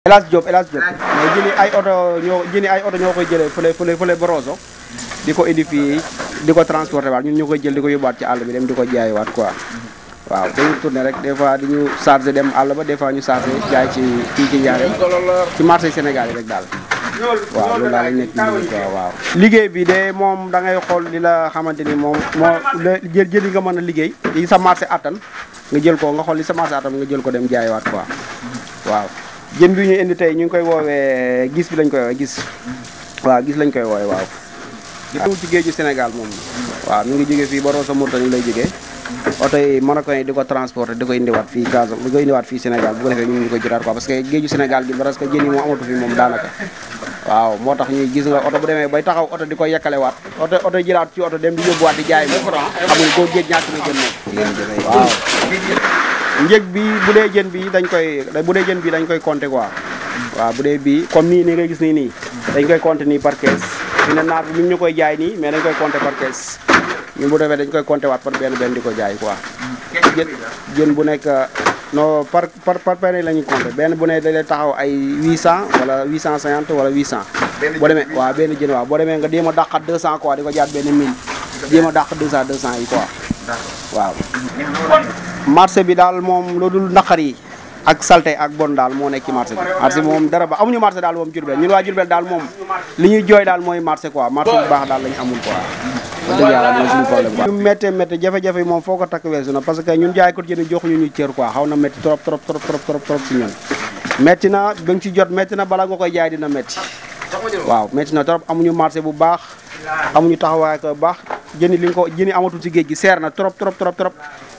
Elas Diop Elas Diop mais jëli oto ñoo ay oto ñoo koy jëlee fële fële fële Boroso di ko indi fii di ko transporté waat ñun ñu koy jël di ko yóbbuwaat ci àll bi dem di ko jaay waat quoi waaw dañuy tourné rek des fois di ñu chargé dem àll ba des fois ñu chargé jaay ci fii ci Njaareem ci marché Sénégal yi rek daal waaw loolu daal lañ nekk nii quoi waaw liggéey bi de moom da ngay xool li la xamante ni moom moo jël jël yi nga mën a liggéey li sa marché attan nga jël ko nga xol li sa marché attan nga jël ko dem jaay waat quoi waaw jën bi ñu indi tey ñu ngi koy woowee gis bi lañ koy gis waaw gis lañ koy woowee waaw. waaw ci géeju Sénégal moom waaw mi ngi jóge fii ba Rosso Mauritanie lay jógee oto yi Marocain yi di ko ko indiwaat fii Gaza di ko indiwaat fii Sénégal bu ko defee ñun ñu ko jëlaat quoi parce que géeju Sénégal moom amatu fi moom daanaka waaw moo tax ñuy gis nga oto bu demee bay taxaw oto di ko yekkalewaat oto oto jëlaat ci oto dem di yóbbuwaat di jaay moom xamul koo moom waaw njëg bi bu dee jën bi dañ koy bu dee jën bi dañ koy compter quoi waaw bu dee bi comme nii ni nga gis nii nii dañ koy compter nii par kees fi ne naat bi ñu koy jaay nii mais dañ koy compter par kees ñun bu defee koy compter waat par benn benn di ko jaay quoi jën jën bu nekk non par par par benn la ñuy compter benn bu ne da lay taxaw ay 800 wala 850 wala 800 boo demee waaw benn jën waaw boo demee nga jéem a dàqaat 200 quoi di ko jaat benn 1000 jéem a dàq 200 yi quoi waaw marché bi daal moom lu dul naqar yi ak salte ak bon daal moo nekk ci marché bi marché bi moom dara ba amuñu marché daal moom Jurbel ñun waa Jurbel daal moom li ñuy jooy daal mooy marché quoi marché bu baax daal lañu amul quoi dëgg yàlla ñu méttee méttee jafe-jafe yi moom foo ko takk weesu na parce que ñun jaay ko jënd joxuñu ñu cër quoi xaw na métti trop trop trop trop na ba nga jot métti na bala nga koy jaay dina métti waaw métti na trop amuñu marché bu baax amuñu taxawaay ko baax jëni li nga ko jëni amatul ci géej gi seer na trop trop trop trop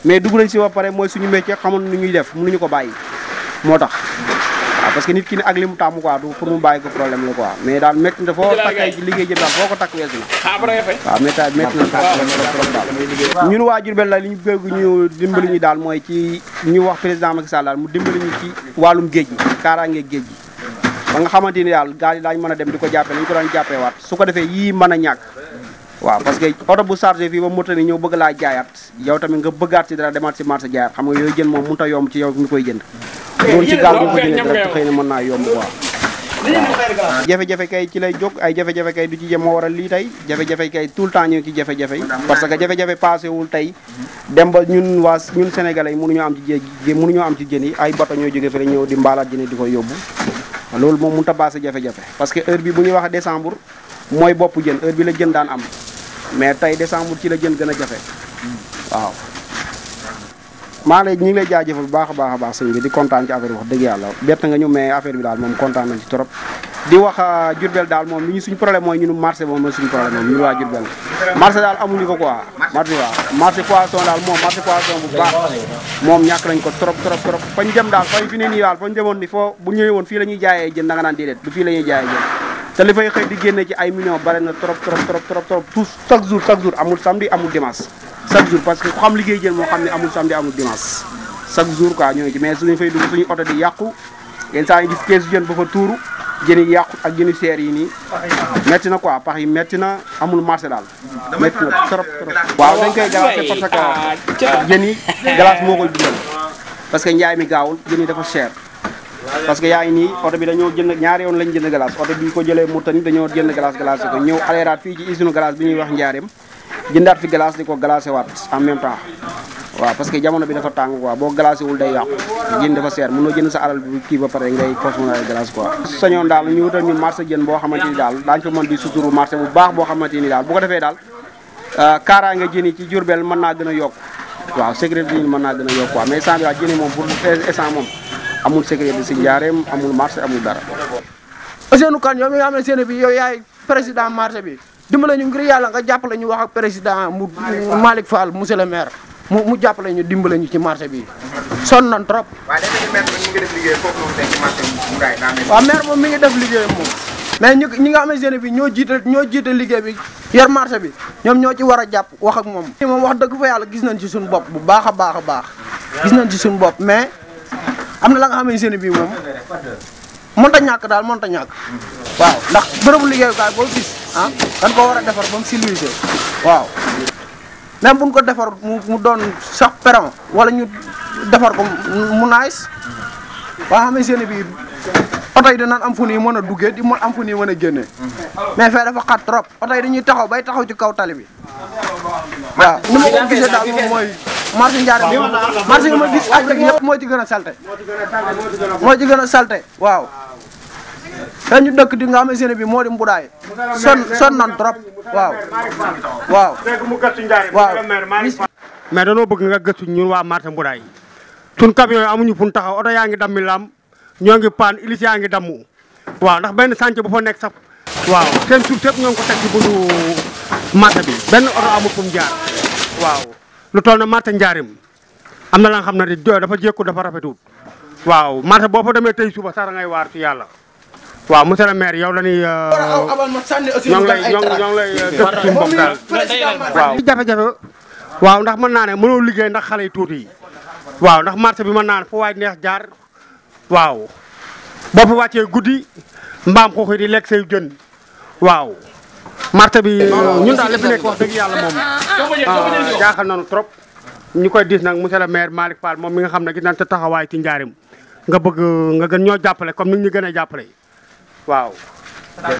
mais dugg nañ si ba pare mooy suñu métier xamoon nu ñuy def mënuñu ko bàyyi moo tax parce que nit ki ne ak li mu tàmm quoi pour mu bàyyi ko problème la quoi daal métti na foo takkay liggéey jëm daal foo ko takk weesu waaw métti métti na daal ñun waa Diourbel la li ñu bëgg ñu daal mooy ci ñu wax président Macky Sall mu dimbali ñu ci wàllum géej gi kaaraange géej gi ba nga xamante ni daal gaal yi daañu a dem di ko jàppee lañu ko daan jàppee waat su ko defee yii mën a ñàkk waaw parce que oto bu chargé fii ba moto ni ñëw bëgg laa jaayaat yow tamit nga bëggaat si dara demaat si marché jaayaat xam nga yooyu jën a yomb ci yow ah, jafe-jafe kay ci lay jóg ay jafe-jafe kay du ci jëm moo lii tey jafe-jafe kay le temps ñu ci jafe-jafe yi parce que jafe-jafe passé wul tey dem ba ñun waa ñun sénégalais yi mënuñoo am ci am ci jën yi ay bato ñoo jóge fële ñëw di ko yóbbu loolu moom mënut a passé parce que heure bi bu ñuy wax décembre mooy bopp jën heure bi la jën daan am mais tey décembre ci la jën gën a jafe waaw maa lay ñu ngi lay bu baax a baax a baax sëñ bi di kontaan ci affaire bi wax dëgg yàlla bett nga ñu mais affaire bi daal moom kontaan nañ ci trop di wax Jurbel euh, daal moom li ñu suñ problème mooy ñun marché moom mooy suñu problème moom Jurbel marché daal amuñu ko quoi marché waaw marché daal moom marché poisson bu baax moom ñàkk nañ ko trop trop trop fañ jëm daal fay fi foo bu ñëwee woon fii la ñuy jaayee jën da nga naan déedéet du fii la ñuy jaayee te li fay xëy di génne ci ay millions bare na trop trop trop trop trop tous chaque jour chaque jour amul samedi amul dimanche chaque jour parce que ku xam liggéey jën moo xam ne amul samedi amul dimanche chaque jour quoi ñoo ngi ci mais suñu fay dugg suñu oto di yàqu yenn saa yi gis keesu jën ba fa tuuru jën yi yàqu ak jëni seer yi nii métti na quoi pax yi métti na amul marché daal métti na trop trop waaw dañ koy glacé parce yi glace moo koy dundal parce que njaay mi gaawul jën yi dafa cher parce que yaa nii oto bi dañoo jënd ñaari yoon lañ jënd glace oto bi ñëw aleeraat fii ci usine glace bi ñuy wax njaareem jëndaat fi glace di ko glacé en même temps waaw parce que jamono bi dafa tàng quoi boo glacé wul day yàqu jën dafa seer mënoo jënd sa alal bi kii ba pare ngay consommé glace quoi sañoon daal ñu ñu marché jën boo xamante daal daañu fa mën di suturu marché bu baax boo xamante daal bu ko defee daal euh, kaaraange a yokk waaw naa gën a yokk quoi mais amul sécurité si njaareem amul marché amul dara. Ousseynou Kane yow mi nga xam ne seen bi yow yaay président marché bi dimbale ñu ngir yàlla nga jàppale ñu wax ak président mu Malick Fall monsieur le maire mu mu jàppale ñu dimbale ñu ci marché bi son nañ trop. waaw waaw maire moom mi ngi def liggéeyam moom. mais ñu ñi nga xamante ne bi ñoo jiite ñoo jiite liggéey bi yor marché bi ñoom ñoo ci war a jàpp wax ak moom. moom wax dëgg fa yàlla gis nañ ci suñu bopp bu baax a baax a baax. gis nañ ci suñu bopp mais. am na la nga xamee seen bii moom mënta ñàkk daal ta ñàkk waaw ndax bërëbu liggéeyukaay boo gis ah dañ ko war a defar ba mu civilisé waaw même buñ ko defar mu mu doon sax peron wala ñu defar ko mu naais waa xamee seen bii oto yi dinañ am fu ñuy mën a duggee di am fu ñuy a génnee mais fee dafa xat trop oto dañuy taxaw bay taxaw ci kaw tali bi waaw ni ma ko gisee daal moom mooy marché Ndiarème bi marché bi ma gis ak rek moo ci gën a salté moo ci gën a salté waaw te ñu dëkk di nga xam ne bi moo di mbudaay son son nan trop waaw waaw waaw mais danoo bëgg nga gëstu ñun waa marché mbudaay suñ camion yi amuñu fu ñu taxaw oto yaa ngi dammi laam ñoo ngi paan ilis yaa ngi dammu waaw ndax benn chantier bu fa nekk sax waaw seen suuf sëpp ñoo ko teg ci buntu marché bi benn oto amul fu mu waaw lu toll na marché njaarim am na la nga na ne dafa jékku dafa rafetuwut waaw marché boo fa demee tey suba sax ngay waar ci yàlla waaw mu le maire yow la ñuy. Euh, ñoo ngi lay ñoo ngi lay def waaw. jafe-jafe waaw ndax mën naa ne mënoo liggéey ndax xale yi tuuti waaw ndax marché bi mën naa ne fu waay neex jaar waaw boo fa wàccee guddi mbaam xuux di lekk say jën waaw marché bi ñun daal li fi nekk wax dëgg yàlla moom. Ah, jaaxal nañu trop ñu koy diis nag mu monsieur le mair Malick Fall moom mi nga xam ne gis nañ sa taxawaay ci njaarim nga bëgg nga gën ñoo jàppale comme ni ñu gën a jàppale waaw